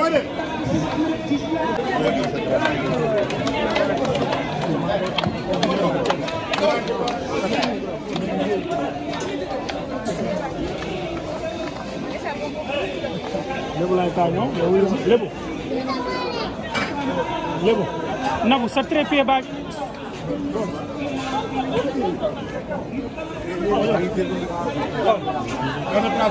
Bora! લેબુ લાવતા નો લેબુ લેબુ લેબુ નવ સત્ર રૂપિયા બાગ ગણતના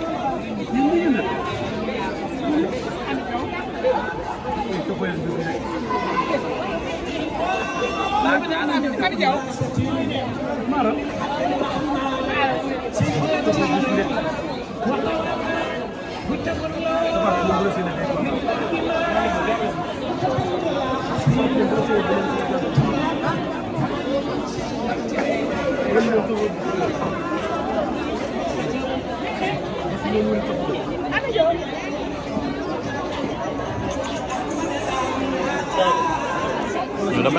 Sudah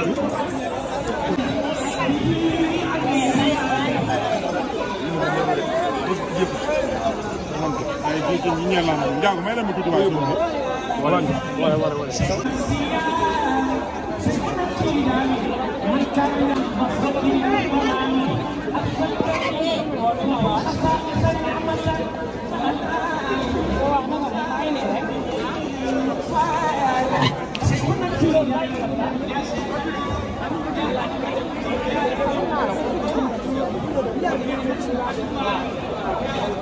你娘们，你家哥们儿怎么这么爱吹牛？我让你，我让你，我让你。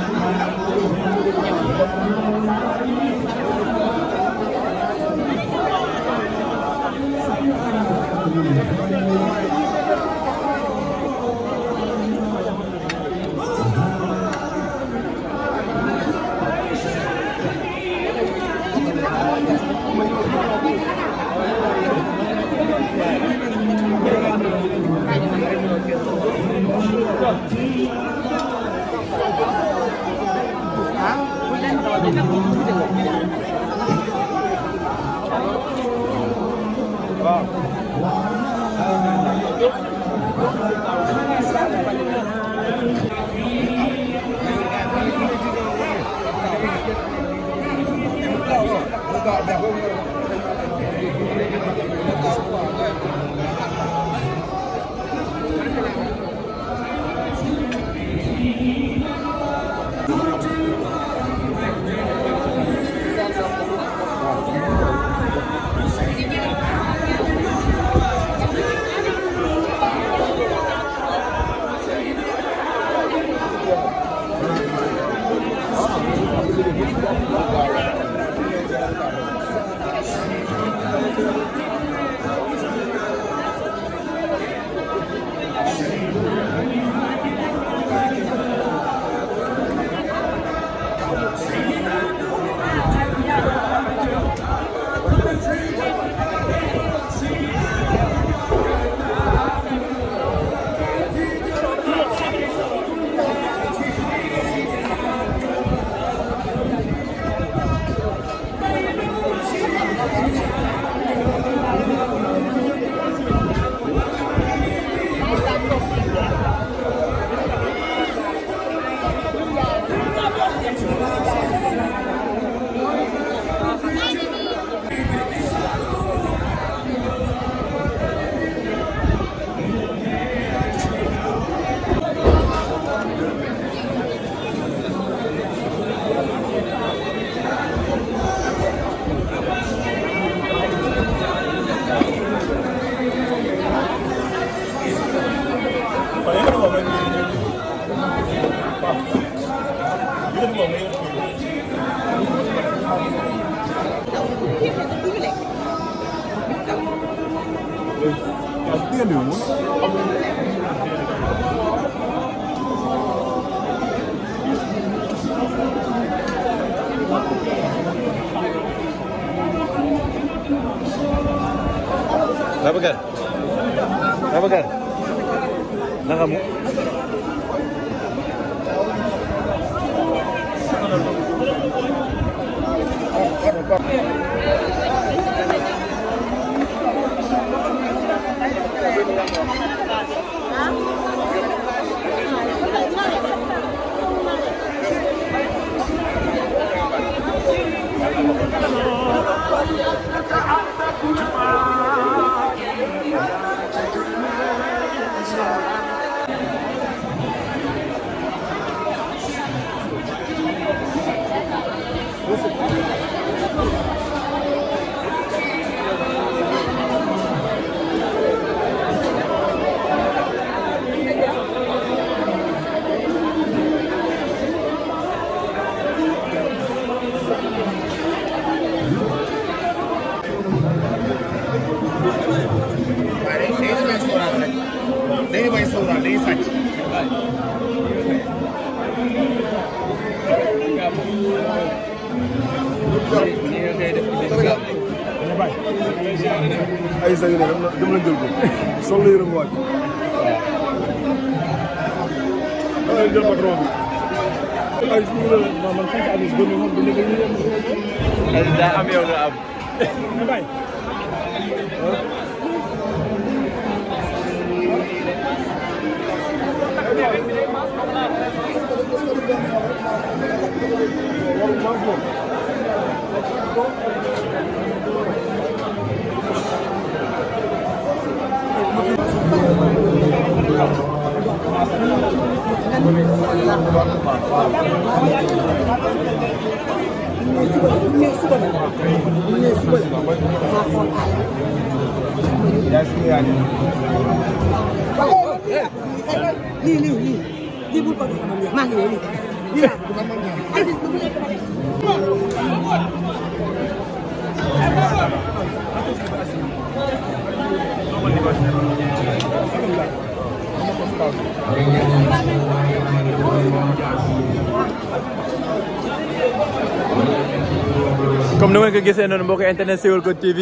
ko gisee noonu mbokk internet Siweul Ko TV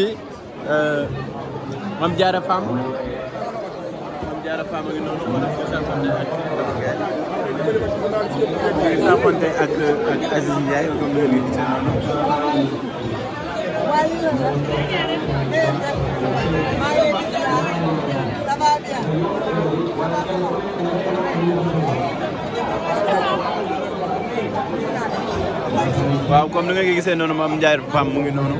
Mame Diarra Fam Mame Fam ngi ak waaw comme ni nga gisee noonu maam Ndiaye Fam mu ngi noonu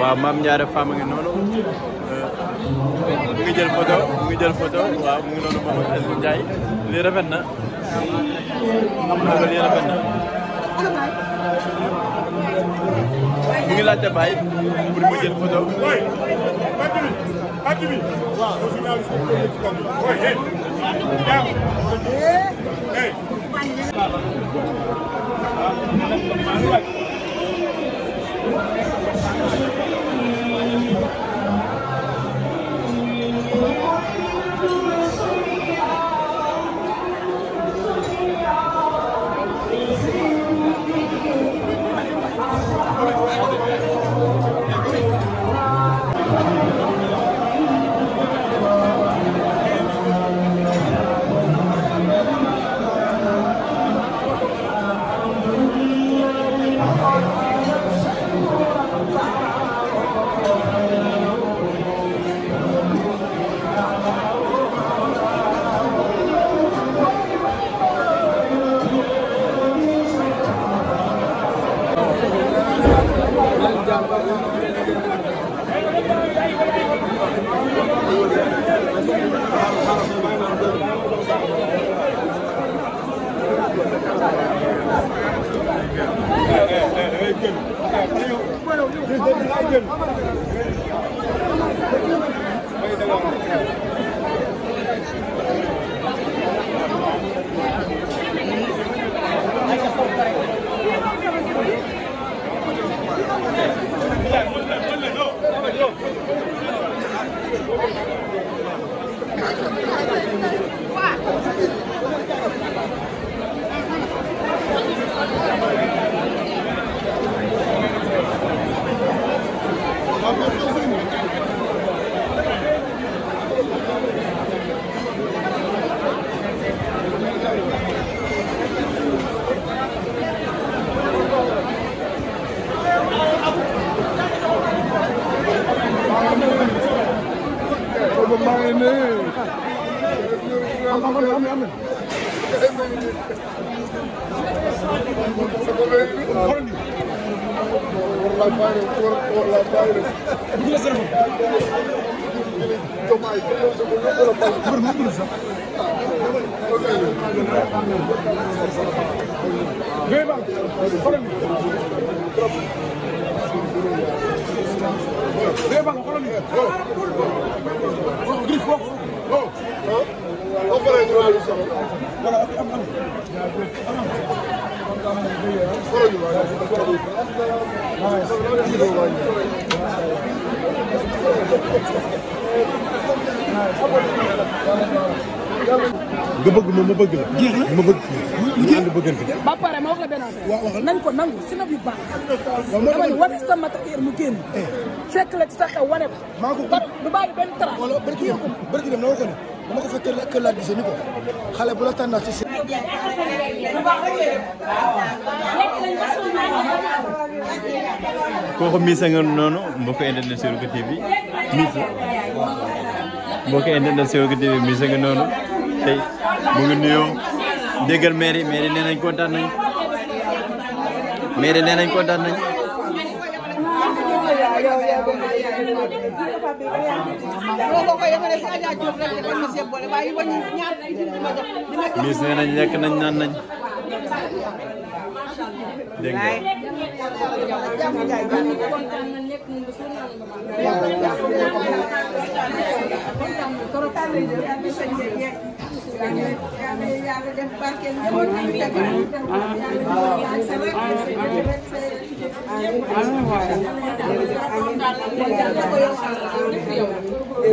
waaw maam Ndiaye Fam mu ngi noonu mu ngi jël photo mu ngi jël photo waaw mu ngi noonu moom Aziz Ndiaye lii rafet na am na mu ngi laajte baay pour mu jël photo Thank vâng, you. Vâng. This is an idol. Thank you. ma bëgg na ma bëgg kii ba pare ma wax la benn affaire. waaw ko nangu si nag yu baax. waaw moo tax wane sa matériel mu génn. Eh. fekk la ci sa xew wane ko. maa ko du bàyyi benn tra. wala barki dem barki dem na ko ne dama ko fa kër la ni ko xale bu la tànnaat ci kooku miis a miis nga noonu tey mu ngi nuyoo déggal mairie mairie nee nañ kontaan nañ mairie nee nañ kontaan nañ mis nee nañ lekk nañ naan nañ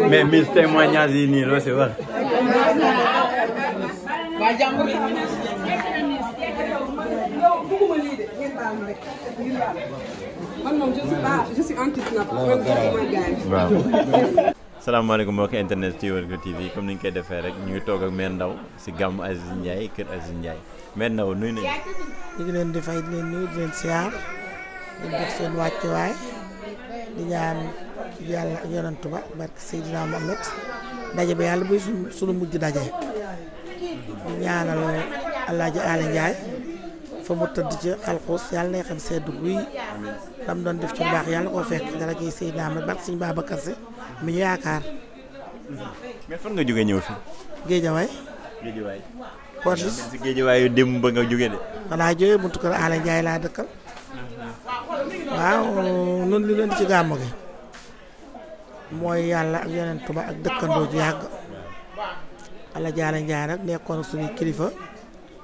Mais mis temwanyan zini lo c'est vrai. baal ma rek ngir internet ci Equivoque TV comme ni ñu koy defee rek ñu ngi toog ak Mère ndaw si gàmmu Aziz Ndiaye kër Aziz Ndiaye Mère Ndao nuyu nañu. ñu ngi leen di fay di leen nuyu di leen siyaar di jox seen wàccuwaay di ñaan yàlla ak yonent ba barke Seydina Mohamed daje ba yàlla buy suñu suñu mujj daje di ñaanal El Hadj fa mu tëdd ci xalxuus yàlla nay xam sedd guy lam doon def ci mbaax yàlla koo fekk dara ciy sëy naa ma barke suñu Babacar Si mi ñu yaakaar mais fan nga jóge ñëw fi géejawaay géejawaay Korniche si géejawaay yu ba nga jóge de walaa jóge buntu kër Aala Njaay laa dëkkal waaw nun li leen ci gàmmu gi mooy yàlla ak yonent ba ak dëkkandoo ju yàgg Aala Njaay nag nekkoon suñu kilifa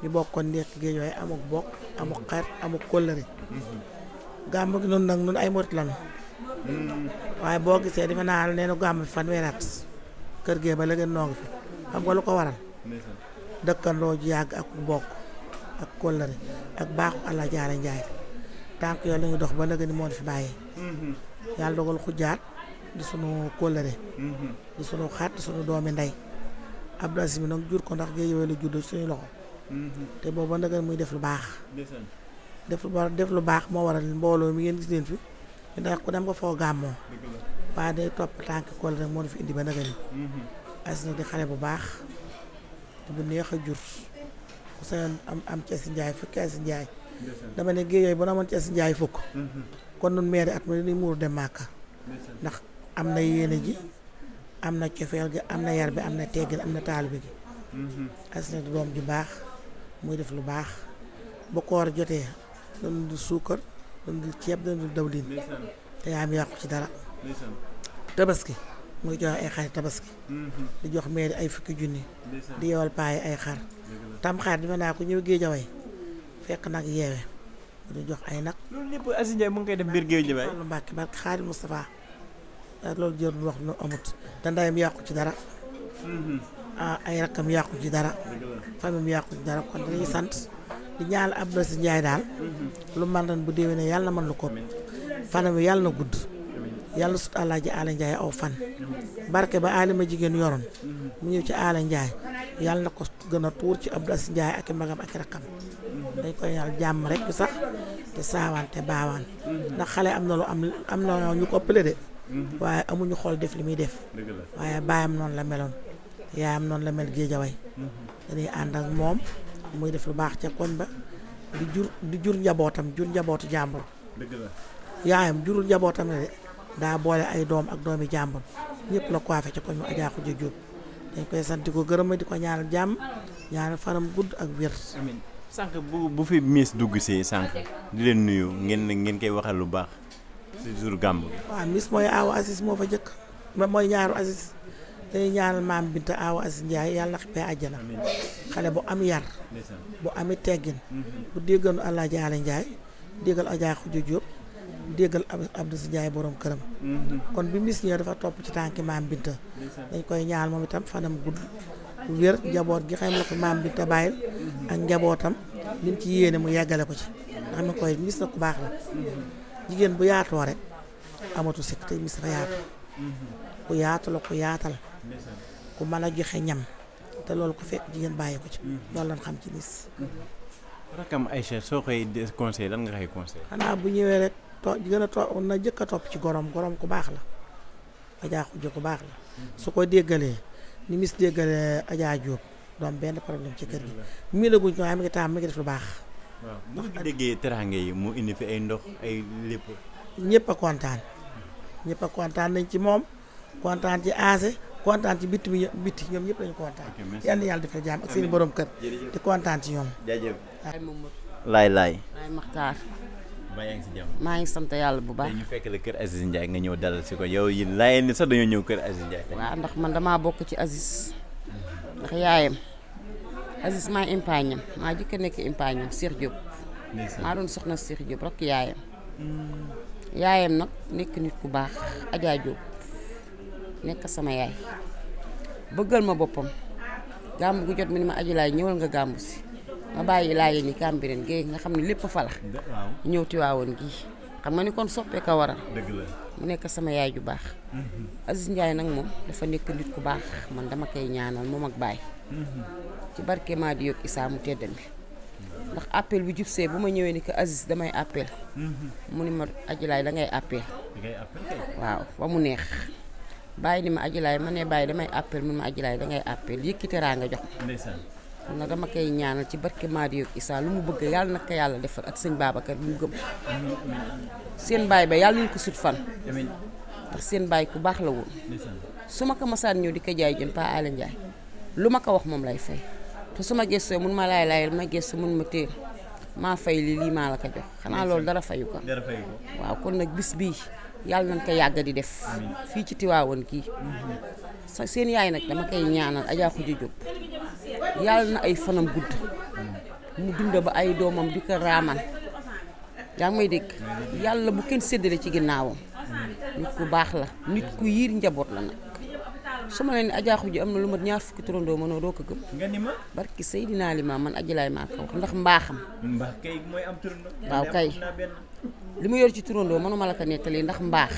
ñu bokk nekk géej waaye amuk bokk amuk xarit amuk kóllëre gàmb gi noonu nag nun ay morit lanu mm-hmm. waaye boo gisee defe naa ne neenu gàmb bi kër gee ba la gën noo ngi fi xam nga lu ko waral dëkkandoo ji yàgg ak bokk ak kóllëre ak baaxu àlla jaare njaay tànk yooyu lañu dox ba la gën moo fi bàyyi mm-hmm. yàlla dogal xujaat di sunu kóllëre mm-hmm. di sunu xat di sunu doomi ndey Abdou Aziz mi nag jur ko ndax géej waaye la juddu suñu loxo te booba nag muy def lu baax. def lu baax def lu baax moo waral mbooloo mi ngeen gis leen fi ñu ne dem ko foo gàmmoo. a day topp tànk kool moo fi indi ba nag yi. Mm-hmm. as na di xale bu baax bu neex a jur ku seen am am Cees Njaay fukki Cees Njaay. dama ne géej yooyu ba amoon Cees Njaay fukk. Mm-hmm. kon nun meeri at ma dañuy muur dem Màkka. ndax am na yéene ji am na cofeel gi am na yar bi am na teggin am na taalibe gi. Mm-hmm. as na di doom ju baax. muy def lu baax ba koor jotee dana dul suukar dana ceeb dana dul dawlin am yàqu ci dara tabaski muy joxe ay xar tabaski mm-hmm. di jox meeri ay fukki junni di yewal paayi ay xar tamxaar dima naa ko ñëw géejaway fekk nag yeewe mu jox ay nag loolu lépp Aziz mu ngi koy def biir géej waay lu mbàkki barke xaadim Moustapha loolu jër lu wax nu amut te ndeyam yàqu ci dara mm-hmm. Ah, ay rakkam yàqu ci dara famille bi yàqu ci dara kon dañuy sant di ñaal Abdoulaye Ndiaye daal lu man ren bu déwénee yàlla na mën lu ko fanam yàlla na gudd yàlla sut alaaji Aala Ndiaye aw fan barke ba ma jigéen yoroon mu ñëw ci Aala Ndiaye yàlla na ko gën a tuur ci Abdoulaye njaay ak i magam ak i rakkam dañ koy ñaal jàmm rek bi sax te saawaan te baawaan ndax xale am na lu am am na ñu ko ëppale de mhm. waaye amuñu xool def li muy def waaye baayam noonu la yaayam noonu la mel géejaway dañuy ànd ak moom muy def lu baax ca koñ ba di jur di jur njabootam jur njabootu jàmbur yaayam jurul njabootam ne de daa boole ay doom ak doomi jàmbur ñëpp la coiffé ca koñ mu Adja Khoudia Diop dañ koy sant di ko gërëm di ko ñaanal jàmm ñaanal fanam gudd ak wér amiin sànq bu bu fi miis dugg si sànq di leen nuyu ngeen ngeen koy waxal lu baax si jour gàmb waaw miis mooy aaw Aziz moo fa jëkk mooy ñaaru Aziz tey ñaanal maam Binta Awa Aziz Ndiaye yàlla xippee àjjana xale bu am yar bu ami teggin bu déggal nu Alaaji Ala Ndiaye déggal Adja Xuja Diop déggal Abdou Si Ndiaye borom këram kon bi mis ñëw dafa topp ci tànki maam Binta dañ koy ñaanal moom itam fanam gudd wér njaboot gi xam la ko maam Binta bàyyil ak njabootam liñ ci yéene mu yeggale ko ci ndax xam koy mis na ku baax la jigéen bu yaatoo rek amatu sikk te mis dafa yaatu ku la ku yaatal ku man a joxe ñam te loolu ku fekk jigéen bàyyi ko ci mm-hmm. loolu lañ xam ci nis mm-hmm. rakam Aïcha soo koy conseil lan nga koy conseil xanaa bu ñëwee rek to gën a na jëkk a topp ci gorom goroom ku baax la ajaa xujj ku baax la mm-hmm. su ko déggalee ni mis déggalee ajaa jóob doom benn problème ci kër gi ngi la guñ ko waaye mi ngi taam mi ngi def lu baax waaw bu fi déggee indi fi ndox ay lépp ñëpp kontaan ñëpp kontaan nañ ci moom kontaan ci aase kontaan ci bitti bi bitti ñoom ñëpp dañu kontaan yal na yàlla defal jàmm ak seen borom kër kontaan ci ñoom jaajëf laay laay laay maxtaar maa ngi si maa ngi sant yàlla bu baax ñu fekk la kër Aziz Ndiaye nga ñëw dalal si ko yow yi laay ni sax dañoo ñëw kër Aziz Ndiaye waaw ndax man damaa bokk ci Aziz yaayam Aziz maa maa jëkk nekk impaañam Cheikh Diop maa soxna Cheikh Diop rek nag nekk nit ku baax Adja Diop nekk sama yaay bëggal ma boppam gàmb gu jot mu ne ma aju ñëwal nga gàmbu si ma bàyyi laa yéen i Cambérène géey nga xam ne lépp fa la ñëw Tiwaawoon gii xam nga ni kon soppee waral mu nekk sama yaay ju baax mhm. Aziz Ndiaye nag moom dafa nekk nit ku baax man dama koy ñaanal moom ak baay mhm. ci barke maa di yokk isaa mu tedd bi ndax appel bu jubsee bu ma ñëwee ni que Aziz damay appel mhm. mu ni ma ajilaay da appel waaw ba mu neex bàyyi ni ma ajilaay ma ne bàyyi damay appel mun ma ajilaay dangay appel yëkkite raa nga jox ma. na dama koy ñaanal ci barke di ak Issa lu mu bëgg yàlla na ko yàlla defal ak sëñ Babacar bu mu gëm. seen baay ba yàlla nañu ko sut fan. ndax seen baay ku baax la woon. su ma ko masaan ñëw di ko jaay jën Pa Alé Ndiaye lu ma ko wax moom lay fay te su ma gëstoo mun ma lay laay ma gëstu mun ma téer maa fay li lii maa la ko jox xanaa loolu dara fayu ko. yàlla nañ ko yàgg di def fii ci Tiwaawan kii sa seen yaay nag dama koy ñaanal Adja Khoudia Diop yàlla na ay fanam gudd mu dund ba ay doomam di ko raamal yaa ngi may yàlla bu kenn séddale ci ginnaawam nit ku baax la nit ku yiir njaboot la nag su ma nee ne Adja Khoudia am na lu mat ñaar fukki turandoo mënoo doo ko gëm. nga ni ma barki Seydina man aji laay maa ko wax ndax mbaaxam. waaw kay. li mu yor ci turandoo mënuma la ko nettali ndax mbaax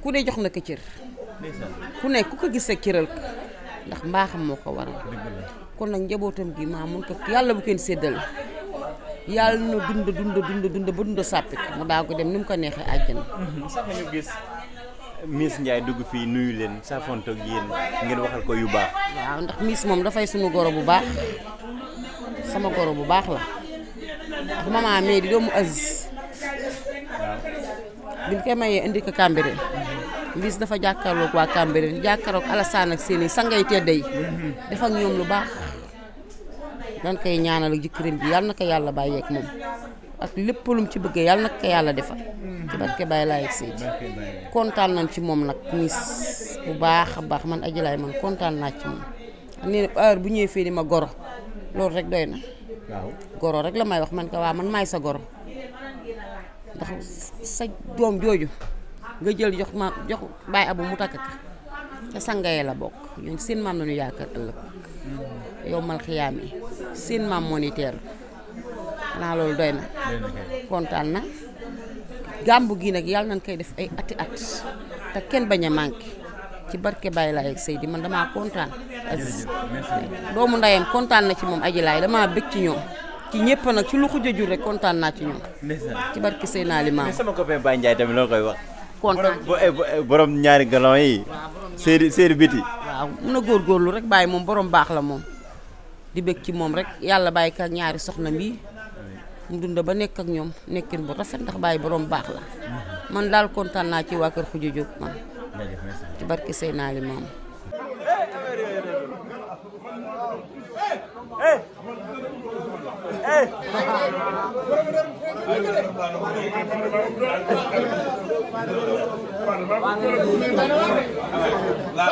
ku ne jox na ko cër ku ne ku ko gis sa cëral ko ndax mbaaxam moo ko waral kon nag njabootam gi maa mun ko yàlla bu kenn seddal yàlla na dund dund dund dund ba dund sàppi mu daa ko dem ni mu ko neexee àjjana sax ñu gis Miss Ndiaye dugg fii nuyu leen saafoontoog yéen ngeen waxal ko yu baax waaw ndax Miss moom dafay suñu goro bu baax sama goro bu baax la ndax maman mii di doomu Aziz biñ koy mayee indi ko Cambérène Liss dafa jàkkaarloog waa Cambérène jàkkaarloog Alassane ak seen i sangay tedda yi def ak ñoom lu baax dañ koy ñaanal ak jëkkëram bi yàlla na ko yàlla bàyyeeg moom ak lépp lu mu ci bëggee yàlla na ko yàlla defal ci barke Baye Laye ak Seydi kontaan nañ ci moom nag Miss bu baax a baax man Adji Laye man kontaan naa ci moom nee na bu ñëwee fii di ma goro loolu rek doy na. waaw goro rek la may wax man ko waa man maay sa goro. ndax sa doom jooju nga jël jox ma jox bàyyi abu mu takk ka te sangaye la bokk ñoom seen maam lañu yaakaar ëllëg yow xiyaame seen maam moniteur xanaa loolu doy na kontaan na gàmbu gi nag yàlla nañ koy def ay ati at te kenn bañ a manqué ci barke Baye Laye ak Seydi man damaa kontaan Aziz doomu ndayam kontaan na ci moom aji laay damaa bëgg ci ñoom ci ñëpp nag ci lu xuj jur rek kontaan naa ci ñoom. ci barki sëy naa li maam. sama copain Baye loo koy wax. kontaan borom ñaari galon yi. góorgóorlu rek bàyyi moom borom baax la moom. di bëgg ci moom rek yàlla bàyyi ko ñaari soxna bi mu ba nekk ak ñoom nekkin bu rafet ndax bàyyi borom baax la. man daal kontaan naa ci waa kër xuj a naa li maam. Eh,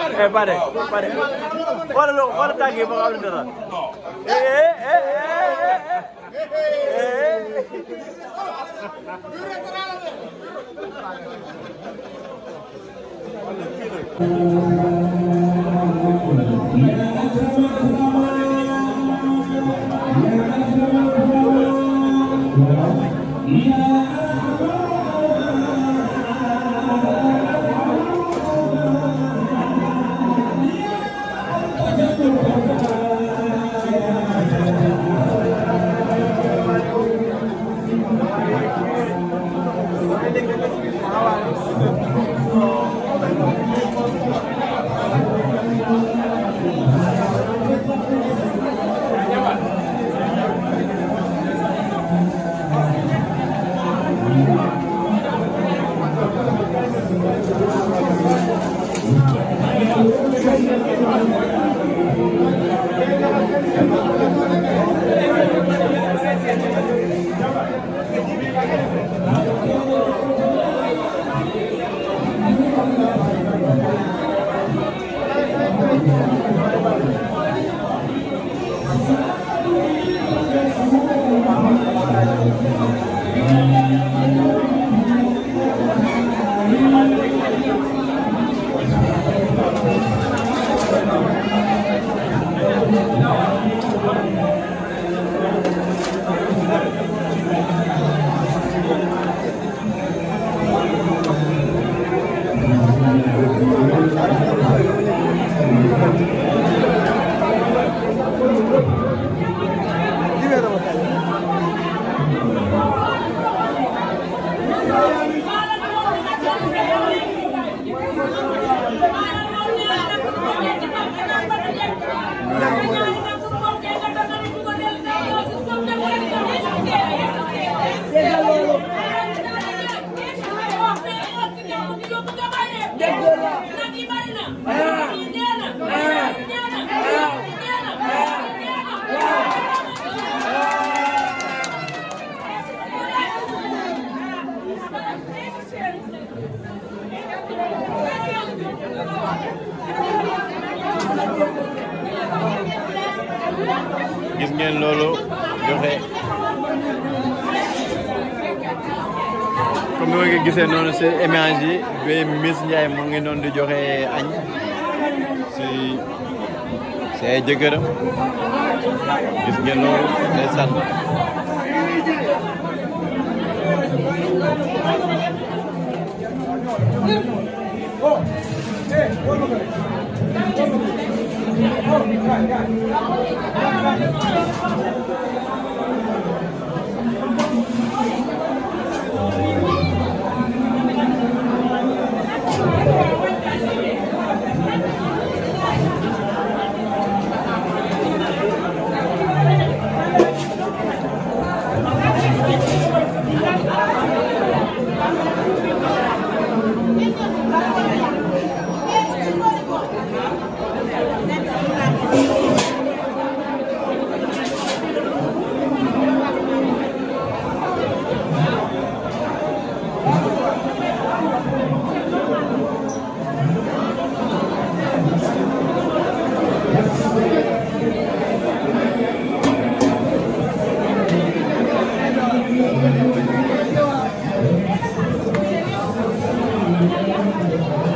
eh pare, pare. pare lo tagli, ma guarda dara. Eh, eh, eh, eh. Eh. eh, eh. Yeah. Ndiaye mu ngi noonu di joxe añ si si ay jëkkëram gis ngeen loolu ndeysaan Thank you.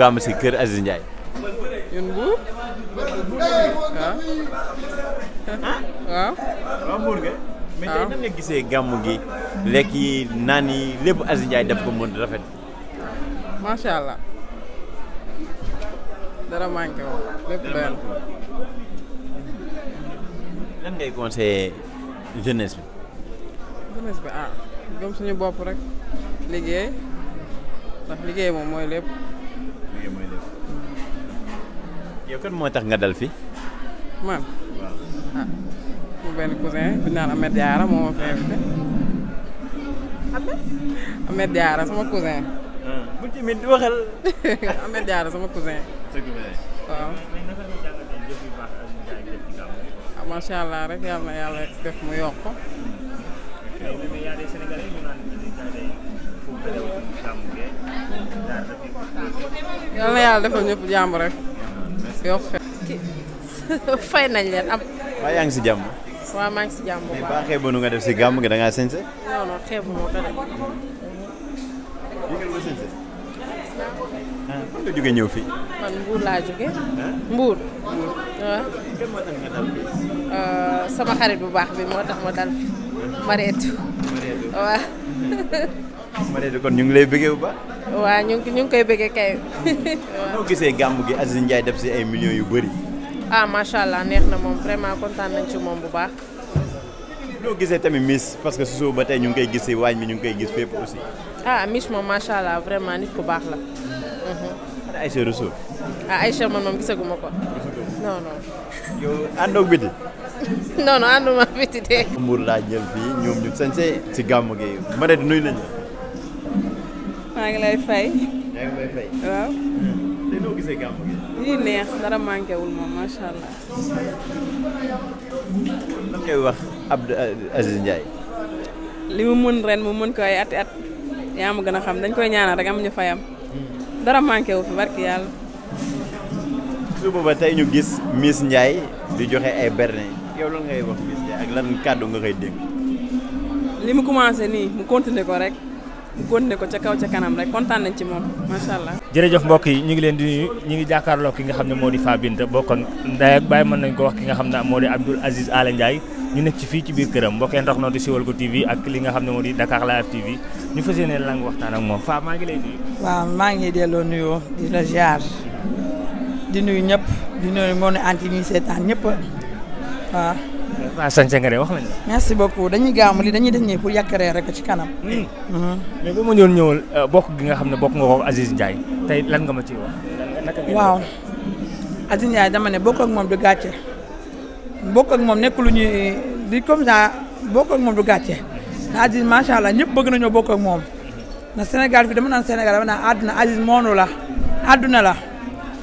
gàmm si kër Aziz Ndiaye. ñun Mbour. waaw. Ah? Ah? waaw ah, Mbour nga. mais tey nan nga gisee gàmm gi lekk yi naan yi lépp Aziz Ndiaye def ko mën rafet. macha allah dara manqué woon lépp benn. lan ngay conseillé jeunesse bi. jeunesse bi ah gëm suñu bopp rek liggéey ndax liggéey moom mooy lépp. yow moo tax nga dal fi man ah mu benn cousin bu ñu naan Ahmed Diarra moo ma fi sama cousin. bu timit waxal. Ahmed Diarra sama cousin. Ah, waaw. ah allah rek yàlla na yàlla def mu yokk. yàlla na yàlla defal ñëpp jàmm rek. yokk fay nañ leen am. waaye yaa ngi si jàmm. waaw maa ngi si jàmm bu baax mais baaxee ba nu nga def si gàmm gi da ngaa sañse. non non xeebu moo ko def. yëngal nga sañse. ah fan nga kan moo tax nga dal sama xarit bu baax bi moo tax ma dal fii. Mariette. Mariette waaw. ma ne kon ñu ngi lay bëggee bu baax. waaw ñu ngi ñu ngi koy bëggee kay. waaw gisee gàmm gi Aziz Ndiaye def si ay millions yu bëri. ah macha allah neex na moom vraiment kontaan nañ ci moom bu baax. noo gisee tamit Miss parce que su ba tey ñu ngi koy gis waañ bi ñu ngi koy gis fépp aussi. ah Miss moom macha allah vraiment nit ku baax la. ana Aïcha Rousseau. ah Aïcha man moom gisaguma ko. non non. yow àndoog biti. non non ànduma biti de. Mbour laa jël fii ñoom ñu sañse si gàmm gi ma ne nuyu nañu. maa ngi lay fay. maa ngi lay waaw. lii neex dara manqué wul moom macha allah. lan ngay wax Abdou Aziz Ndiaye. li mu mën ren mu mën ko ay at at yaa ma gën a xam dañ koy ñaanal rek am ñu fayam. Hmm. dara manqué wu fi barki yàlla. suba ba tey ñu gis Miss Ndiaye di joxe ay berne yow loolu ngay wax Miss Ndiaye ak lan kàddu nga koy dégg. li mu commencé nii mu continuer ko rek. góonne ko ca kaw ca kanam rek kontaan nañ ci moom macha allah. jërëjëf mbokk yi ñu ngi leen di nuyu ñu ngi jàkkaarloo ki nga xam ne moo di Fabinta bint ak ndey ak baay mën nañ ko wax ki nga xam ne moo di Abdoul Aziz Ala Ndiaye ñu nekk ci fii ci biir këram mbokk yi ndax noonu di Siweulko TV ak li nga xam ne moo di Dakar Live TV ñu fas yéene lang waxtaan ak moom Fa maa ngi lay nuyu. waaw maa ngi delloo nuyoo di la ziar di nuyu ñëpp di nuyu moo ne anti ñuy waaw sànce nga de wax nañ la. merci beaucoup dañuy gaamu li dañuy def nii pour yàq reer rek ci kanam. Hmm. Hmm. mais bu ma doon ñëwal euh, bokk gi nga xam ne bokk nga ko Aziz Ndiaye tey lan nga ma ci wax. waaw Aziz Ndiaye dama ne bokk ak moom du gàcce. bokk ak lu ñuy di comme ça bokk ak moom gàcce. te macha allah ñëpp bëgg nañoo bokk ak moom. na Sénégal fi dama naan Sénégal dama naan àdduna Aziz moonu la. àdduna la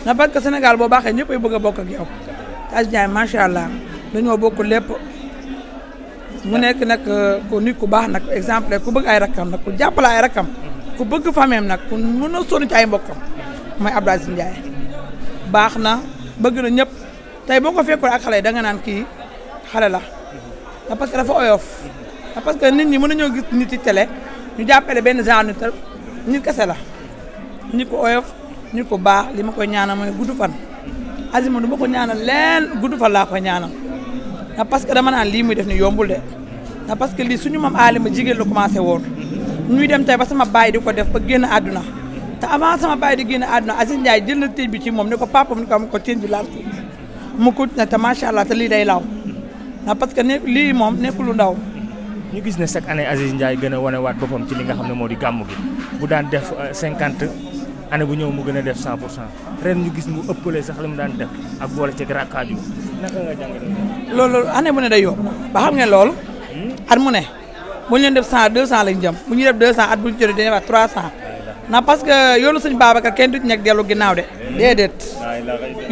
na parce que Sénégal boo baaxee ñëpp bëgg a bokk ak te Aziz Ndiaye macha allah. dañoo bokk lépp mu nekk nag euh, ku nit ku baax nag exemple ku bëgg ay rakkam nag ku jàppale ay rakkam ku bëgg fameem nag ku mën a sonn ci ay mbokkam mooy Abdou Aziz Ndiaye baax na bëgg na ñëpp tey boo ko fekkul ak da nga naan kii xale la da ah, parce que dafa oyof da ah, parce que nit ñi mën nañoo gis nit ci télé ñu jàppale benn genre nit nit kese la nit ko oyof nit ko baax li ma ko ñaanal mooy gudd fan Aziz ma du ma ko ñaanal leen gudd fan laa koy ñaanal ndax parce que dama naan lii muy def ni yombul de ndax parce que lii suñu mam ma jigéen la commencé woon ñuy dem tey ba sama baay di ko def ba génn àdduna te avant sama baay di génn àdduna Aziz Ndiaye jël na téej bi ci moom ne ko papa mu ko am ko téej bi laal suuf mu continué te macha allah te lii day law ndax parce que ne lii moom nekku lu ndaw. ñu gis ne chaque année Aziz Ndiaye gën a wane wanewaat boppam ci li nga xam ne moo di gàmmu gi bu daan def euh, cinquante année bu ñëw mu gën a def cent pour cent ren ñu gis mu ëppalee sax la mu daan def ak boole ci rakkaaju naka nga jàngal loolu loolu année bu ne day yokk ba xam ngeen loolu hmm? at mu ne bu ñu leen def 100 200 cent lañ jëm bu ñu def 200 at bu ñu jëlee dañuy wax 300. na parce que yoonu sëñ Babacar kenn du ci nekk dellu ginnaaw de déedéet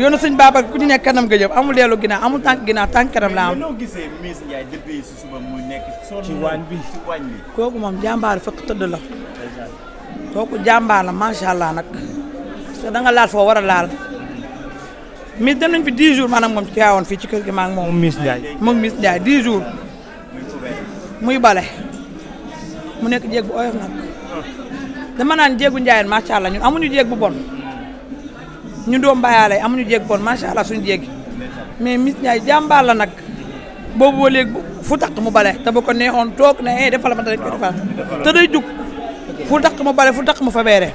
yoonu sëñ Babacar ku ci nekk kanam nga jëm amul dellu ginnaaw amul tànk ginnaaw tànk kanam la am noo gisee Miss Ndiaye depuis si suba mu nekk ci waañ bi ci waañ bi kooku moom jàmbaar fekk tëdd la kooku jàmbaar la macha allah nag parce que da nga laal foo war a laal Miss dem nañ fi 10 jours maanaam moom ci yaawoon kër gi maa ngi moom. moom Miss Ndiaye moom Miss Ndiaye 10 jours. muy bale. mu nekk jéeg bu oyof nag. dama naan jéegu njaayeen macha allah ñun amuñu jéeg bu bon. ñu doom bàyyaale amuñu jéeg bon macha allah suñ jéeg mais Miss Ndiaye jàmbaar la nag. boobu ba léegi fu tax mu bale te bu ko neexoon toog ne eh defal ma dara te day jug fu tax mu bale fu tax mu fa beere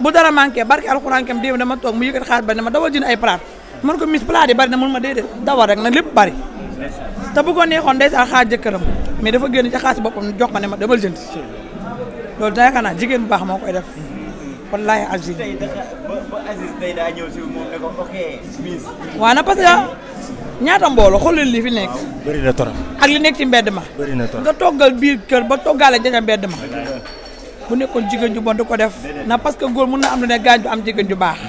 bu dara manqué barke alxuraan kam démb dama toog mu yëkkat xaar ba ne ma dawal jënd ay palaat. man ko mis plat yi bari na mun ma dede dawal rek na lepp bari ta bu ko nekhon day sax xaar jeukeram mais dafa genn ci xaas bopam jox ma ne ma demal jeunt lolou day xana jigen bax mo koy def wallaahi Aziz. tay da ñew ci moom ne ko ok mis. wa na parce ya ñaata mbolo xolal li fi nek bari na torop ak li nek ci mbedd ma. bari na torop nga togal biir keur ba togalé jaña mbedd ma. bu nekkon jigen ju bon du ko def na parce que góor mu na am lu ne gaañ ju am jigen ju baax.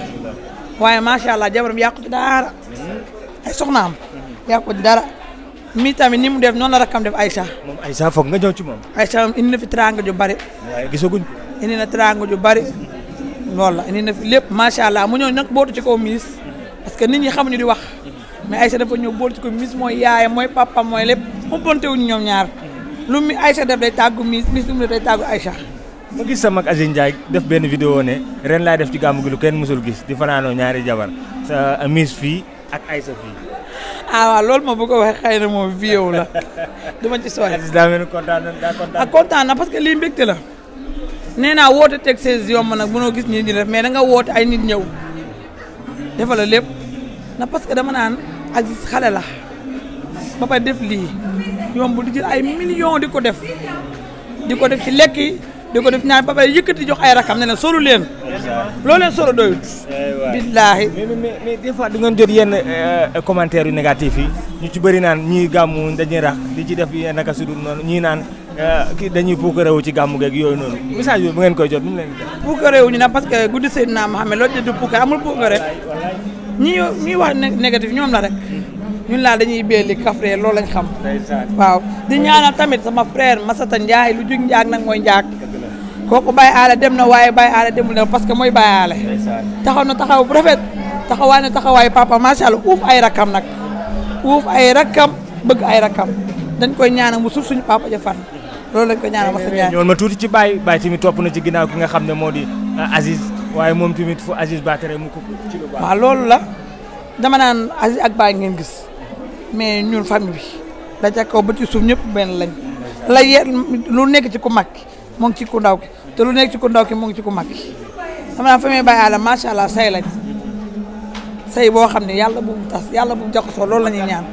waaye macha allah jabaram yàqu ci dara hmm. ay soxnaam yàqu ci dara mi tamit ni mu def noonu la rakkam def Aïcha. moom Aïcha foog nga ñëw ci moom. Aïcha moom indi na fi teraanga ju bari. waaye gisaguñ na teraanga ju bari. loolu la indi na fi lépp macha allah mu ñëw nag bootu ci kaw miis parce que nit ñi ñu di wax. mais Aïcha dafa ñëw bootu ci kaw miis mooy yaayam mooy papam mooy lépp ëppante wuñ ñoom ñaar. lu mi Aïcha def day tàggu miis miis lu mu def day tàggu Aïcha. ma gis sa mag Aziz Ndiaye def benn vidéo ne ren laa def ci gàmmu gi lu kenn mësul gis di fanaanoo ñaari jabar sa Miss fii ak Aïssa fii. ah loolu moom bu ko waxee xëy na moom vidéo la duma ci sori. Aziz daa mel ni kontaan na daa ah, na. ah parce que lii mbégte la nee naa woote teg ses yomb nag mënoo gis nit ñi def mais da woote ay nit ñëw defala la lépp na parce que dama naan Aziz xale la ba pare def lii yomb di jël ay millions di ko def di ko def ci lekk diko def ñaar ba pare yëkkati jox ay rakam ne na solo leen lo leen solo doyut billahi mais mais des fois du ngeen jot yenn euh, commentaire yu négatif yi ñu ci bari naan ñi gamu dañuy rax di ci def naka sudul non ñi naan euh, ki dañuy puukarewu ci gamu gek yoy non message bu ngeen koy jot nu mu leen puukarewu ñu na parce que guddi Seydina Mohamed loo jëdd puukare amul puukare ñi ñuy wax négatif ñom la rek ñun la dañuy béeli kafré lo lañ xam waaw di ñaanal tamit sama frère massa ta ndjay lu jug ndjak nak moy ndjak kooku Baye Alé dem na waaye Baye Alé dem na parce que mooy Baye Alé taxaw na taxaw bu rafet taxawaay na taxawaay papa macha allah uuf ay rakkam nag uuf ay rakkam bëgg ay rakkam dañ koy ñaanal mu suuf suñu papa ja fan loolu lañ koy ñaanal Massa Ndiaye ñoon ma tuuti ci Baye Baye tamit topp na ci ginnaaw ki nga xam ne moo di euh, Aziz waaye moom tamit fu Aziz baatere mu ko ci loolu la dama naan Aziz ak Baye ngeen gis mais ñun famille bi da ca kaw ba ci suuf ñëpp benn lañ la yeer lu nekk ci ku mag moo ngi ci ku ndaw te lu nek ci ku ndaw ki mu ngi ci ku mag ki xam naa fa muy bàyyi àlla macha allah say lañ say bo xam yalla bu mu tass yalla bu mu jox so lolou lañuy ñaan.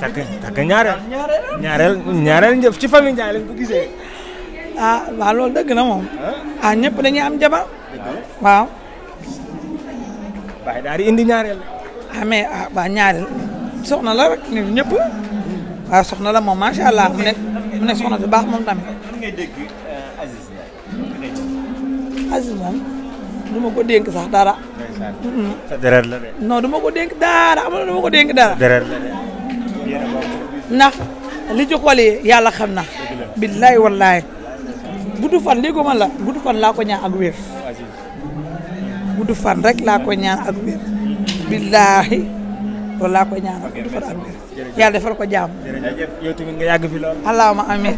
tak tak ñaarel ñaarel ñaarel njëf ci famille Ndiaye lañ ko gisé ah waaw lolou deug na mom ah. ah ñëpp dañuy am jaba waaw. waaye daari indi ñaarel ah mais ah ba ñaarel soxna la rek ñun ñëpp. waaw soxna la moom macha allah mu nek mu nek soxna bu baax mom tamit. ngay dégg. Aziz moom du ma ko dénk sax dara. sa deret du ma ko dénk dara amul ko dénk dara. deret la de. ndax li ci xol yàlla xam na. billaay wallaay. gudd fan déggoo ma la gudd fan laa ko ñaan ak wér. gudd fan rek laa ko ñaan ak wér. billahi loolu laa koy ñaanal defal defal ko jàmm. jërëjëf yow amiin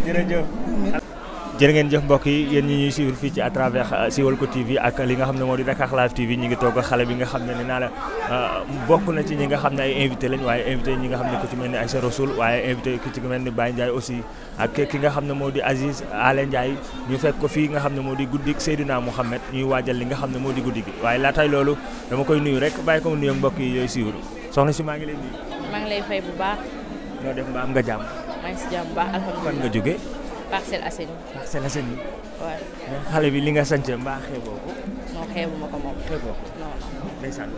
jërë ngeen jëf mbokk yi yéen ñi ñuy suivre fii ci à travers euh, Siweul ko TV ak li nga xam ne moo di Dakar Live TV ñu ngi toog xale bi nga xam ne ne naa la euh, bokk na ci ñi nga xam ne ay invité lañ waaye invité ñi nga xam ne ku ci mel ni Aïssa Rasoul waaye invité ku ci mel ni Baye aussi ak ki nga xam ne moo di Aziz Ale Ndiaye ñu fekk ko fii nga xam ne moo di guddi seydinaa Mouhamed ñuy waajal li nga xam ne moo di guddi gi waaye laataay loolu dama koy nuyu rek bàyyi ko mu nuyoog mbokk yi yooyu suivre si maa ngi lay nuyu. maa ngi am nga jàmm. maa nga jógee Parcelles Assainies. Parcelles Assainies. waaw mais xale bi li nga sant mbaa xeeboo ko. xeebu ma ko moom.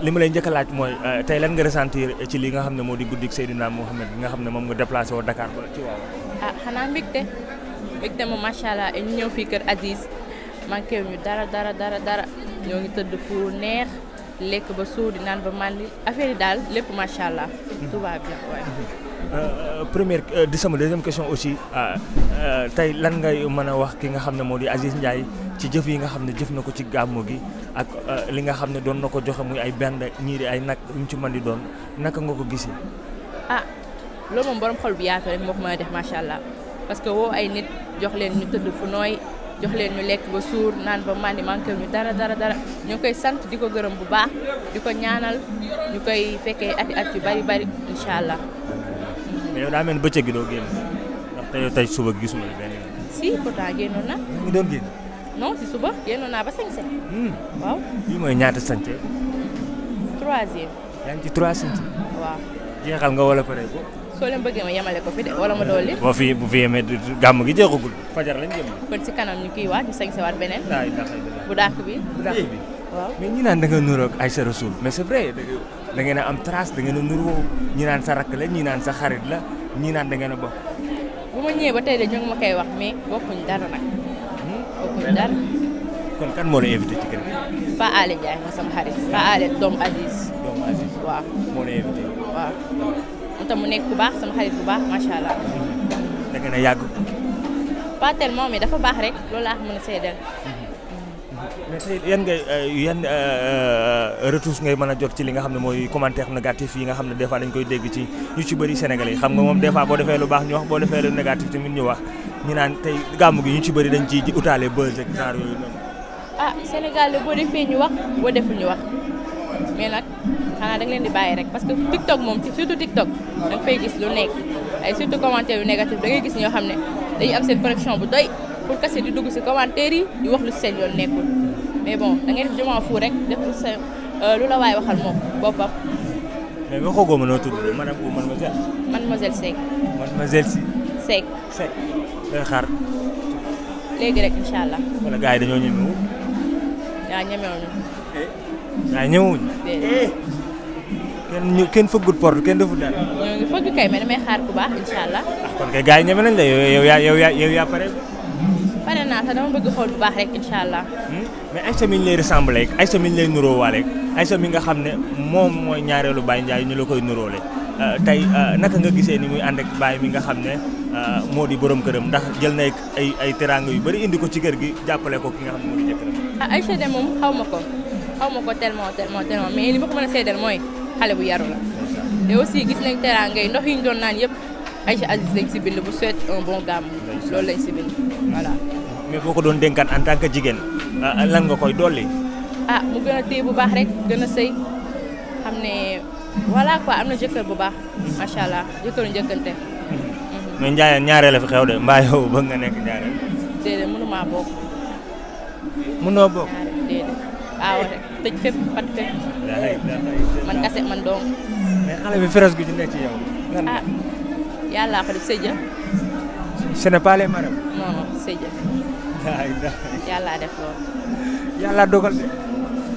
li ma lay njëkk laaj mooy euh, tey lan nga ressentir ci li nga xam ne moo di guddik Seydina Mouhamed bi nga xam ne moom nga déplacé woo Dakar ba ci waaw. ah xanaa mbégte mbégte moom macha allah ñu ñëw fii kër Aziz manqué dara dara dara ñoo ngi tëdd fu neex. lekk ba suur naan ba affaire yi daal lépp macha tout bien première deuxième question aussi euh, euh, tay lan ngay mën wax ki nga Aziz Ndiaye ci jëf yi nga xam jëf na ci gàmmu gi ak euh, li nga xam ne doon joxe muy ay ay ci mën di ah borom xol rek def parce que woo ay nit jox leen ñu fu jox leen ñu lekk ba suur naan ba màndi manqué ñu dara dara dara ñu koy sant di ko gërëm bu baax di ko ñaanal ñu koy fekkee ati at yu bari bari incha allah. mais yow daa mel ni bëccëg gi doo génn ndax tey tey suba gisuma la si pourtant génnoon na. mu doon génn. non si suba génnoon naa ba sañse. Hmm. waaw. bii mooy ñaata sañse. troisième. yaa ci trois sañse. waaw. jeexal nga wala pare ko. soo leen bëggee ma yemale ko fi de wala ma dolli. boo bu fi yemee gàmm gi jeexagul fajar lañ jëm. kon ci kanam ñu kiy waat ñu sañ sawaat beneen. bu dàq bi bu dàq bi. waaw mais ñi naan da nga nuroog Aïcha Rasoul mais c'est vrai da ngeen am trace da ngeen a nuroo naan sa rakk la ñi naan sa xarit la ñi naan da ngeen a bokk. bu ma ñëwee ba tey de ñu ngi ma koy wax mais bokkuñ dara nag. bokkuñ dara. kon kan doomu Aziz. doomu Aziz waaw. te mu nekk bu baax sama xarit bu baax macha allah. da ngeen a yàgg. pas tellement mais dafa baax rek loolu laa mën a seedeel. Mm-hmm. mais tey yan ngay euh, yan euh, euh, retours ngay mën a jot ci li nga xam ne mooy commentaire négatif yi nga xam ne des fois dañ koy dégg ci ñu ci bëri Sénégalais yi xam nga moom des fois boo defee lu baax ñu wax boo defee lu négatif tamit ñu wax ñu naan tey gàmm gi ñu ci bari dañ ci utaale buzz ak genre yooyu noonu. ah Sénégal boo defee ñu wax boo deful xanaa da nga leen di bàyyi rek parce que TikTok moom surtout TikTok da nga fay gis lu nekk ay surtout commentaire yu négatif da ngay gis ñoo xam ne dañuy am seen connexion bu doy pour kase di dugg si commentaire yi di wax lu seen yoon nekkul mais bon da ngay def jamono fu rek def lu sa euh, lu la waay waxal moom boppam. mais boo ko góoboon noo tudd madame ou mademoiselle. mademoiselle Seck. mademoiselle si. Seck Seck. day xaar. léegi rek incha allah. wala gars yi dañoo ñemewu. waaw ñemewuñu. gars eh, yi ñemewuñu. kenn ñu kenn fëggut porte kenn defut dara ñoo ngi fëgg kay xaar ku baax allah ah, kon kay gars yi nañ la yow yow yow pare pare naa sax dama bëgg xool bu baax rek allah hmm? mais aysa mi lay ressemble ak aysa mi ñu lay nuroo waale aysa mi nga xam ne moom mooy ñaareelu Baye ñu la koy nuróole euh, tey euh, naka nga ni muy ak mi nga euh, di borom këram ndax jël na ay ay teranga yu bari indi ko ci kër gi jàppale ko ki nga xam ne moo di jëkkëram aysa ah, de moom tellement tellement tellement mais xale bu yaru la mais aussi gis nañ teraanga ndox yi doon naan yëpp Aïcha Aziz lañ si bind bu souhaite un bon lañ si bind voilà. mais foo ko doon dénkaan en tant que jigéen ah, lan nga koy dolli. ah mu gën a téye bu baax rek gën a sëy xam ne voilà quoi am na jëkkër bu baax macha allah jëkkëru njëkkante. Mm-hmm. mais Ndiaye ñaareel la fi xew de mbaa bëgg nga nekk ñaareel. déedéet mënumaa bokk. mënoo bokk déedéet waaw ah, rek. tëj fépp pat fépp. man kase man dong. mais xale bi féroce gu gitu ci nekk ci yow. ah yàllaa ko def ce n'est pas les marab. non non sëjja. yàllaa def loolu. yàllaa dogal de.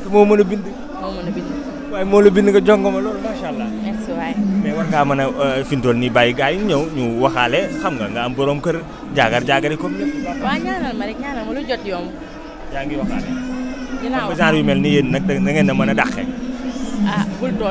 te moo bind. bind. bind nga jongoma allah. merci waay. mais war ngaa mën a fi mu toll nii ñu waxaale xam nga nga am borom kër jaagar jaagar comme ñaanal ma rek ñaanal lu jot ginnaaw genre yu mel ni yéen a mën a dàqee. ah hmm.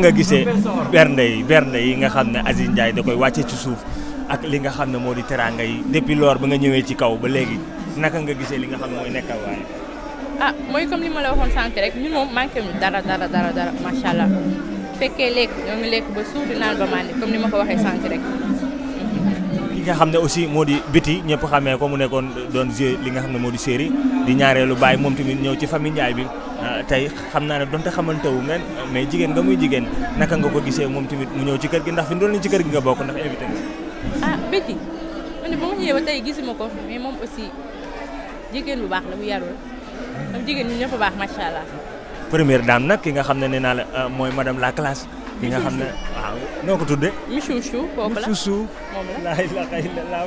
nga gisee bernde yi yi nga xam ne Aziz Ndiaye koy wàcce ci suuf ak li nga xam ne moo di teraanga yi depuis lors ba nga ñëwee ci kaw ba léegi naka nga gisee li nga xam ne mooy nekkal waaye. Ah, comme li ma la waxoon sànq rek ñun moom manqué ñu dara dara dara dara allah fekkee lekk ñoo ngi lekk ba suuf di naan ba màndi comme ni ma ko waxee sànq rek. nga xamne aussi modi biti ñepp xamé ko mu nekkon doon jeu li nga xamne modi série di ñaarelu bay mom tamit ñew ci famille ñay bi ah, tay xamna ne donte xamantewu men mais jigen nga muy jigen naka nga ko gisee mom tamit mu ñew ci kër gi ndax fi doon ci kër gi nga bok ndax invité ah biti man bu ma ñëwé tay gisuma ko mais mom aussi jigen bu baax la bu yarul am jigen ñu ñepp baax machallah première dame nak ki nga xamne neena la euh, moy madame la classe ki nga xam ne waaw noo ko tuddee. Michouchou kooku la Michouchou. moom la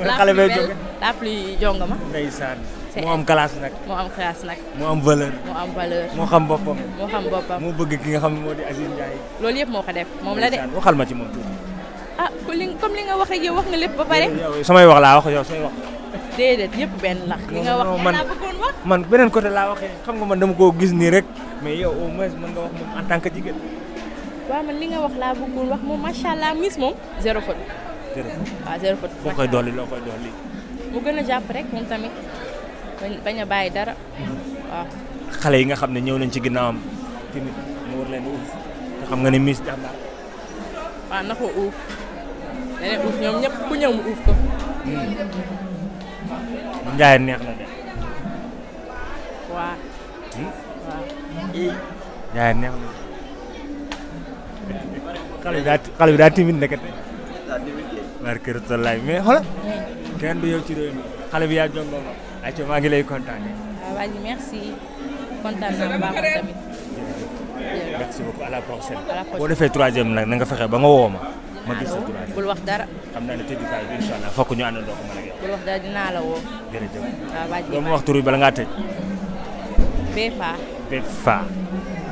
la xale bee jóge la plus am classe nag. moo am classe nag. moo am valeur. moo am valeur moo xam boppam. moo moo bëgg ki nga xam ne moo di Aziz Ndiaye. loolu yëpp moo ko def moom la de. waxal ma ci moom tuuti. ah comme li nga wax ak yow wax nga lépp ba pare. samay wax laa wax yow samay wax. déedéet yëpp benn la. li nga wax man beneen côté laa waxee xam nga man dama koo gis nii rek mais yow au moins mën nga wax tant que jigéen. waaw man li nga wax laa bëggul wax moom macha allah miss moom zéro faute. zéro faute waaw zéro faute. boo koy dolli loo koy dolli. mu gën a jàpp rek moom tamit bañ a bàyyi dara waaw. xale yi nga xam ne ñëw nañ ci ginnaawam tamit mu war leen uuf te xam nga ne miss jàmbaar. waaw na ko uuf dana uuf ñoom ñëpp ku ñëw mu uuf ko. Ndiaye neex na de. waaw. waaw. neex na. Kalau udah min nekete barkir tollay mais xola hola kan dia ciri ini, kalau biar bi ya jongo ma ay merci merci beaucoup à la prochaine troisième nak nga fexé ba nga woma ma gis bul wax dara xam na tejju kay bi befa befa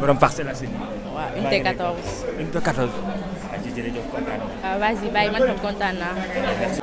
borom parcelle waaw unité 14. unité 14. waa jërëjëf kontaan naa. waaw vas-y Baye man kontaan naa.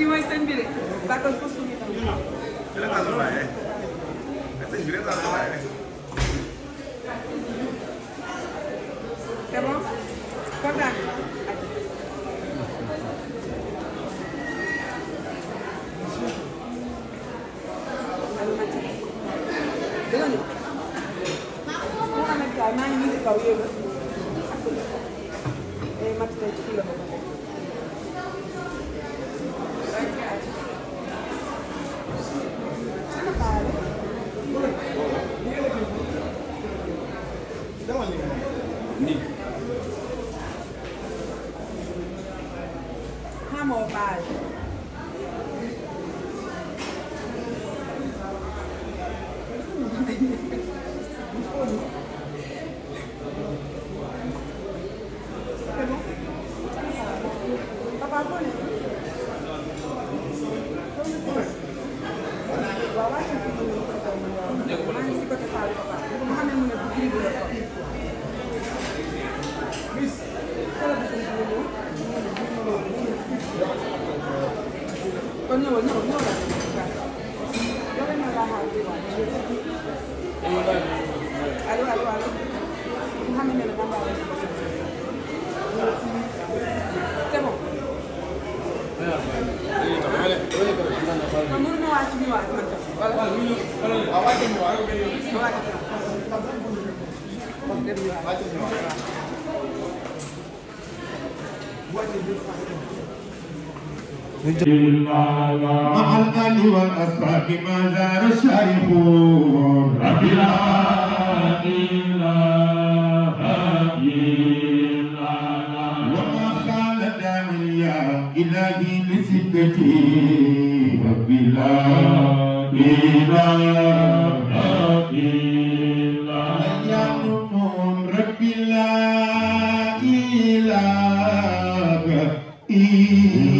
kii mooy sëñ bi de barkal ko suñu c'est bon kontaan maa ngi nii si kaw yéen eh, a. مع الآل والأسباب ما زال الشارحون رب لا إله وما خال داميا إلهي لسدتي رب لا إله إلا أيامهم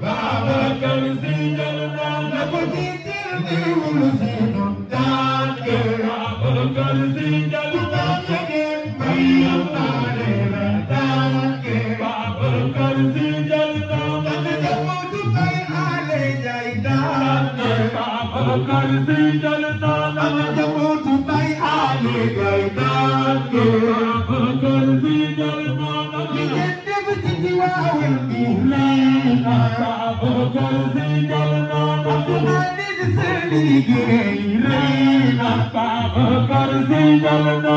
Baba Kansi Jalna Nakuti Tirni Ulusi घर से चलता अनंतपुर जुटाई आने गए के घर से चलता घर से चलता रेना कर से चलता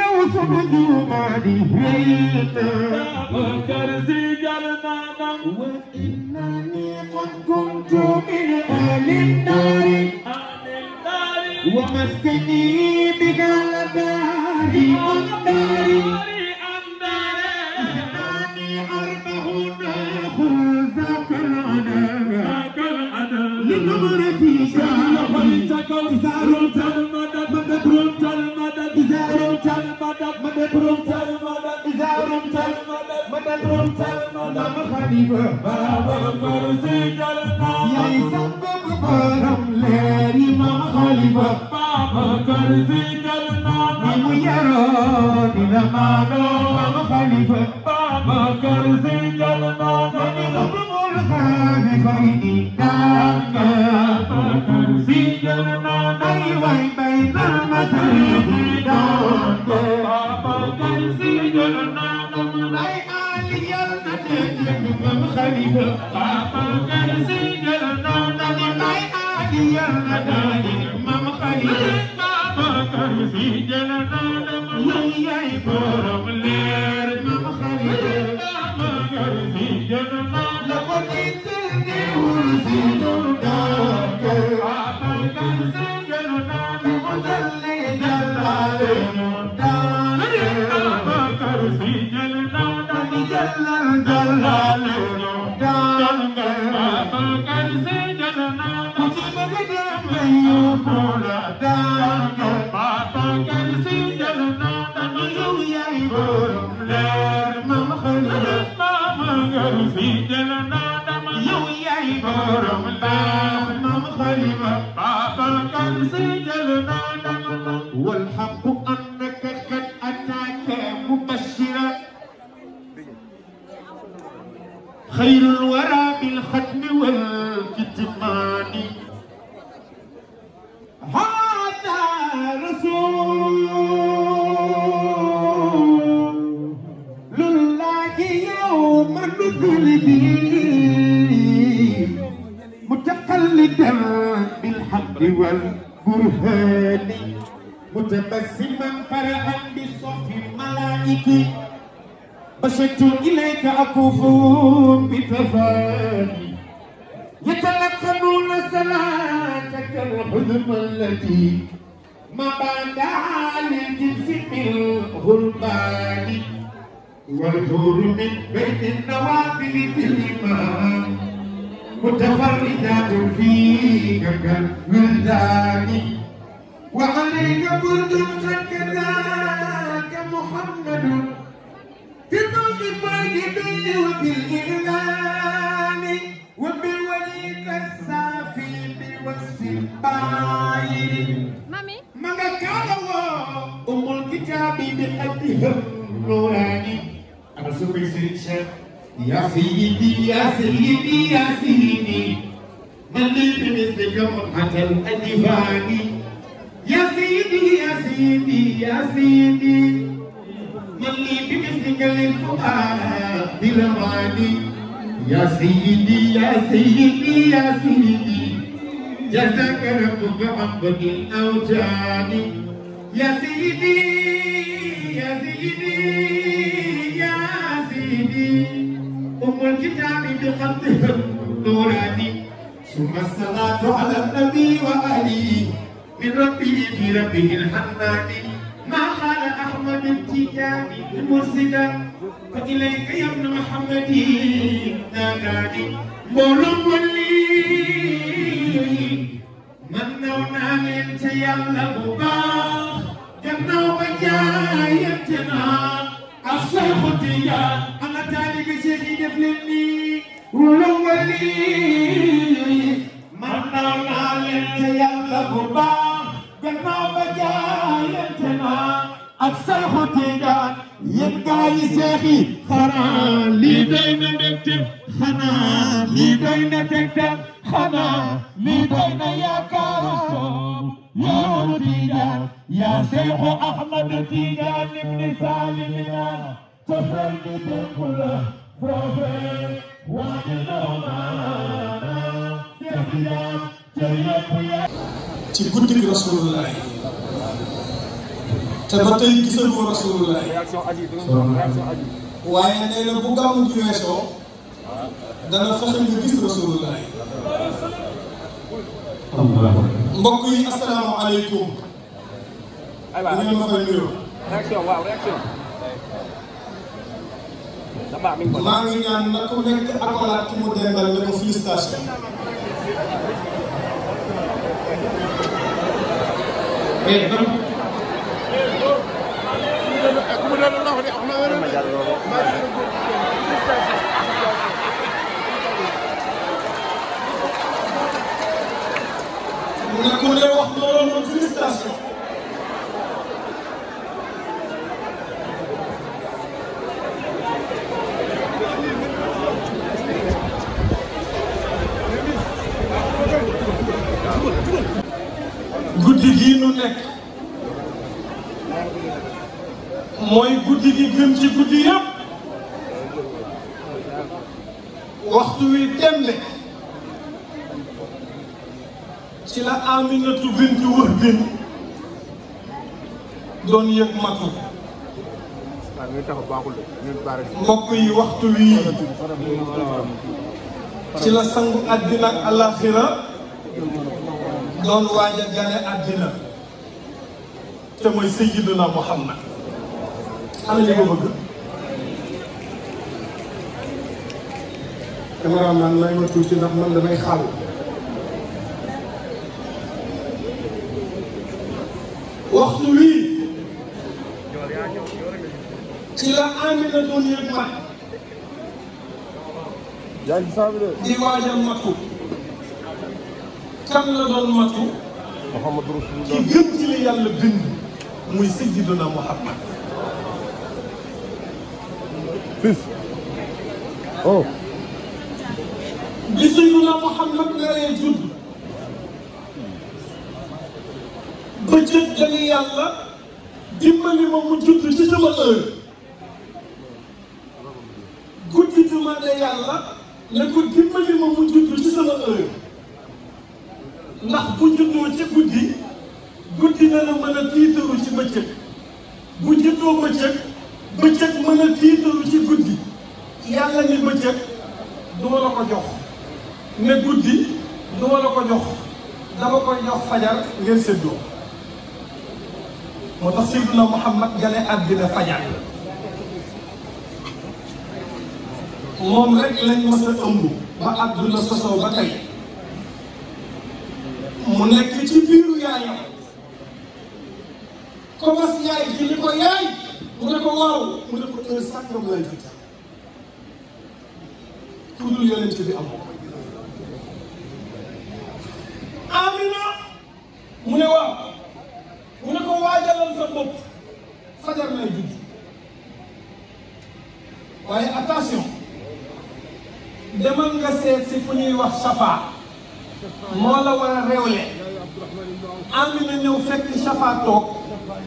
سمجھو مانی بكر زجرنا وإنني قد كنت من أهل النار ومسكني Mama. خالدا بالحق والبرهان متبسما فرحا بصف الملائك بشرت إليك أكوف بتفاني يتلقنون صلاتك الحزن التي ما بعدها للجنس بالغربان غربان والحور من بين النوافل في الإمام متفردات فيك كالولدان وعليك برد كذاك محمد في النوم الواجب وفي الإعلان وبوجهك الصافي بوصف باين من قال أم الكتاب بقلبهم نوراني أنا سوري سيد شيخ يا سيدي يا سيدي يا سيدي من لي بمثلك مدحة الأدفان يا سيدي يا سيدي يا سيدي من لي بمثلك للفقراء بلماني يا سيدي يا سيدي يا سيدي جزاك ربك عن بني الأوجان يا سيدي يا سيدي أم الكتاب بقدها الدوراني ثم الصلاة على النبي وأهله من ربه في ربه الحنان ما قال أحمد التجاني المرسدا فإليك يا ابن محمد ناداني مولم لي من نونا من تيال مباح جنو بجاي ابتنان ak Seexu Tijaan ana taalibe Seex yi def leen nii wala wali man naa naa leen te yàlla bu baax gannaaw ba jaayante naa ak sayxu tijaan yéen gaa yi seex yi xanaa lii doy na ndegte xanaa lii doy na tegte xanaa lii doy na yaakaaru soom yoonu tijaan yaa sayxu ahmadu tijaan ibni saalimiin te fay di dénku la prophète waa di nomaana te yëpp ya ci guddi rasulullahi te ba tey gisalu ma waaye nee na bu gàmmu gi dana fexe nga gis rasulullah mbokk yi asalaamaaleykum. maa ngi ñaan na ku nekk akolaat ki mu dendal ne ko félicitation. Eh, rapaziada do Recolheu o Arthur no distância. guddi gii nu nekk mooy guddi gi gën ci guddi yëpp waxtu wi tembe ci la Aminatu bintu Wahbin doon yëg matu mbokk yi waxtu wi ci la sangu àddina ak alaxira doon waaj a àddina te mooy Sayyiduna Muhammad كاميرامان لا يمتوش ناخ مان داماي خال وقت لي سلا امنه دنيا ما يا حساب لي دي واجه ماكو كان لا دون ماكو محمد رسول الله كي جيم سي لي يالا بن موي سيدنا محمد six oh bi Seydina Muhammad naree judd bëccëg dañu yàlla dimbali ma mu judd ci sama heure guddi demandé yàlla ne ko dimbali ma mu judd ci sama heure ndax bu juddoo ci guddi guddi na la mën a tiitaru ci bëccëg bu juddoo bëccëg ngeen séddoo moo tax Seydina Muhammad gane àddina fajar moom rek lañ mës a ëmb ba àdduna sosoo ba tey mu nekk ci biiru yaayam commence yaay ji ni ko yaay mu ne ko waaw mu ne ko heure sàngam lay jot ku dul yonent bi amoo Amina mu ne waaw mu ne ko waajalal sa bopp fajar lay judd waaye attention demal nga seet si fu ñuy wax safa moo la war a réewle ànd na ñëw fekk safa toog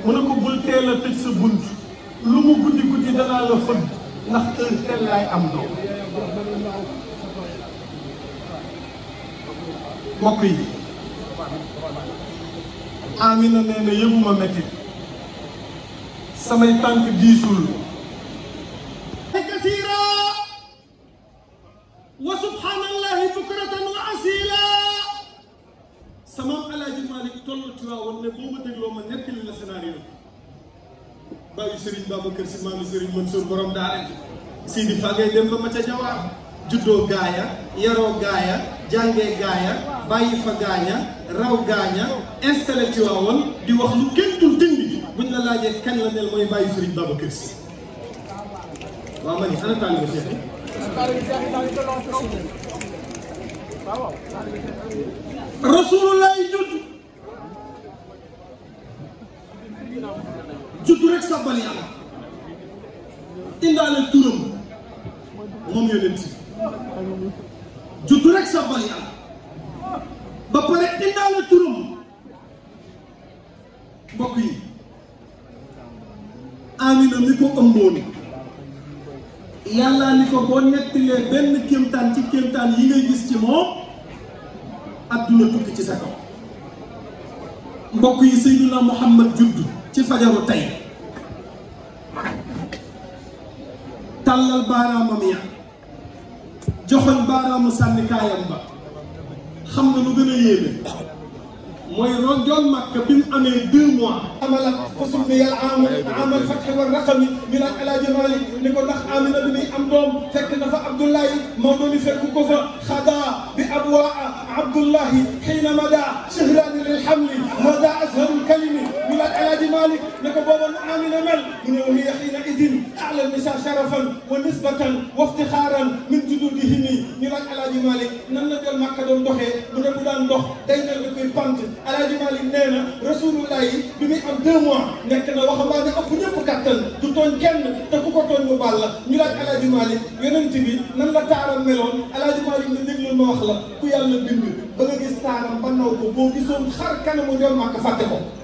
mu ne ko bul teel tëj sa bunt lu mu guddi guddi danaa la fëgg ndax heure tel am doom mbokk yi Amina neena yebuma metti samay tank diisul takasira wa subhanallahi bukratan wa asila sama alaaji Malick tollu ci waa woon ne boo ma netti ma nettali la scénario Serigne babakar Si mamu Serigne Mansour borom daara Sidi fagay dem ba ma ca jawaar juddo gaaya yaro gaaya jange gaaya bàyyi fa gaaña raw gaaña installé Tiwaawan di wax lu kenn dul dindi buñ la laajee kan la nel mooy bàyyi Serigne Babacar Sy waaw ma ni ana taalibe Cheikh yi rasulullah judd judd rek sabbal yàlla indaale turam ba pare indaale turam mbokk yi Amina mi ko ëmboon yàlla ni ko boo nettalee benn kéemtaan ci kéemtaan yi ngay gis ci moom adduna tukki ci sa kaw mbokk yi Seydina Muhammad juddu ci fajaru tey tàllal baaraamam ya joxoon baaraamu sànnikaayam ba xam nga lu gën a yéeme mooy ronjoon màkk bi mu amee deux mois. amala xusul bi yàlla amu amal fatxi war raqam yi ñu naan El Hadj Malick ni ko ndax Amina bi muy am doom fekk na fa Abdoulaye Maodo mi fekk ko fa xadaa bi abwaa Abdoulaye xiina mada shahraani lil xamli mada azharul kalimi بعد علاج مالك نكو بابا نعمل مل من يوم يحين إذن أعلى النساء شرفا ونسبة وافتخارا من جدودهم من بعد علاج مالك نم نجل مكة دون دخي من أبو دان دخ دين لكي بانت علاج مالك نينا رسول الله بمي أم دموا نكنا وخبان أبو نبو كتن دوتون كن تكو كتون مبال من بعد علاج مالك ينمتبي نم نتعرى ملون علاج مالك ندقل المواخلة كيال نبين بغي ستارا بناوكو بو بيسون خار كان مجرم مكة فاتحو